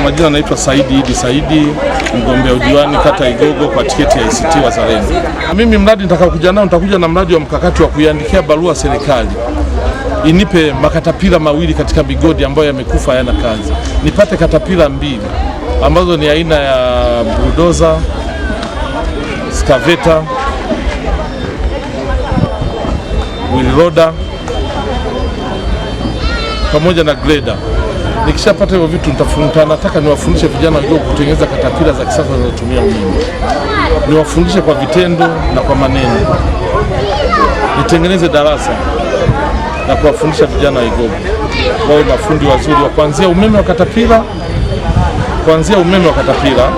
majina anaitwa Saidi Idi Saidi, mgombea udiwani kata Igogo kwa tiketi ya ACT Wazalendo. Mimi mradi nitakaokuja nao nitakuja na mradi wa mkakati wa kuiandikia barua serikali inipe makatapila mawili katika migodi ambayo yamekufa hayana kazi, nipate katapila mbili ambazo ni aina ya buldoza skaveta wililoda pamoja na greda nikishapata hivyo vitu nitafunta, Nataka niwafundishe vijana wajue kutengeneza katapila za kisasa zinazotumia umeme, niwafundishe kwa vitendo na kwa maneno, nitengeneze darasa na kuwafundisha vijana wa Igogo wawe mafundi wazuri wa kuanzia umeme wa katapila, kuanzia umeme wa katapila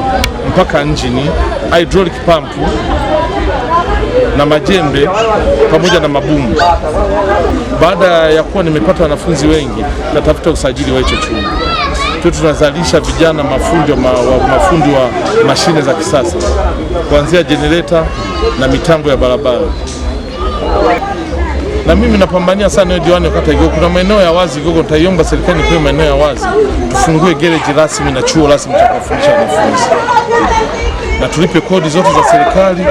mpaka injini hydraulic pump na majembe pamoja na mabumu. Baada ya kuwa nimepata wanafunzi wengi, natafuta usajili wa hicho chuo tu, tunazalisha vijana mafundi ma, wa, mafundi wa mashine za kisasa kuanzia jenereta na mitambo ya barabara na mimi napambania sana diwani kata Igogo. Kuna maeneo ya wazi Igogo, nitaiomba serikali kwa maeneo ya wazi tufungue gereji rasmi na chuo rasmi cha kufundisha wanafunzi na tulipe kodi zote za serikali,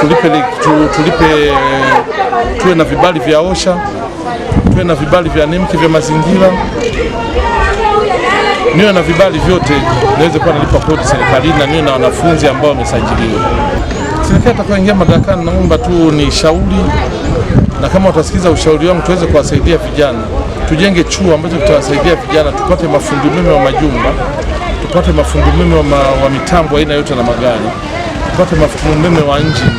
tulipe, tulipe, tuwe na vibali vya OSHA, tuwe na vibali vya nemki vya mazingira, niwe na vibali vyote niweze kuwa nalipa kodi serikalini na niwe na wanafunzi ambao wamesajiliwa. Serikali atakayoingia madarakani, naomba tu ni shauri, na kama watasikiza ushauri wangu, tuweze kuwasaidia vijana, tujenge chuo ambacho kitawasaidia vijana, tupate mafundi umeme wa majumba tupate mafundi umeme wa, wa mitambo aina yote na magari, tupate mafundi umeme wa engine,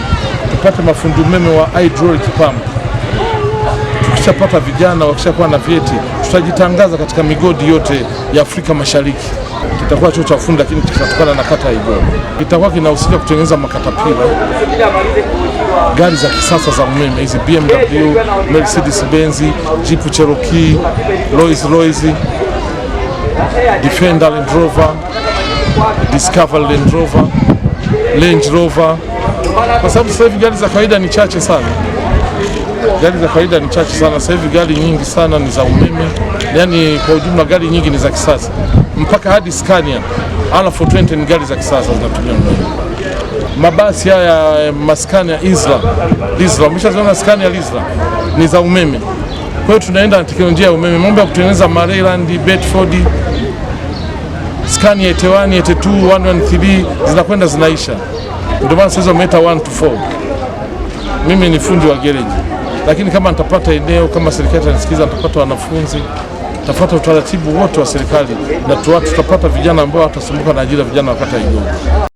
tupate mafundi umeme wa hydraulic pump. Tukishapata vijana wakishakuwa na vyeti, tutajitangaza katika migodi yote ya Afrika Mashariki. Kitakuwa chuo cha ufundi, lakini kitatokana na kata ya Kitakuwa kinahusika kutengeneza makatapila, gari za kisasa za umeme hizi BMW, Mercedes Benz, Jeep Cherokee, Rolls Royce Defender Land Rover, Discover Land Rover, Range Rover, kwa sababu sasa hivi gari za kawaida ni chache sana. Gari za kawaida ni chache sana sasa hivi, gari nyingi sana ni za umeme, yaani kwa ujumla gari nyingi ni za kisasa, mpaka hadi Scania ana 420 ni gari za kisasa zinatumia umeme. Mabasi haya maskani ya Isla Isla, umeshaziona Scania Isla ni za umeme. Kwa hiyo tunaenda teknolojia ya umeme, mambo ya kutengeneza Maryland, Bedford, ET1, ET2, 113 zinakwenda zinaisha. Ndio maana sasa umeita 1 to 4. Mimi ni fundi wa gereji, lakini kama nitapata eneo, kama serikali itanisikiza, nitapata wanafunzi tafuta utaratibu wote wa serikali na tutapata vijana ambao watasumbuka na ajira vijana wakati aijoa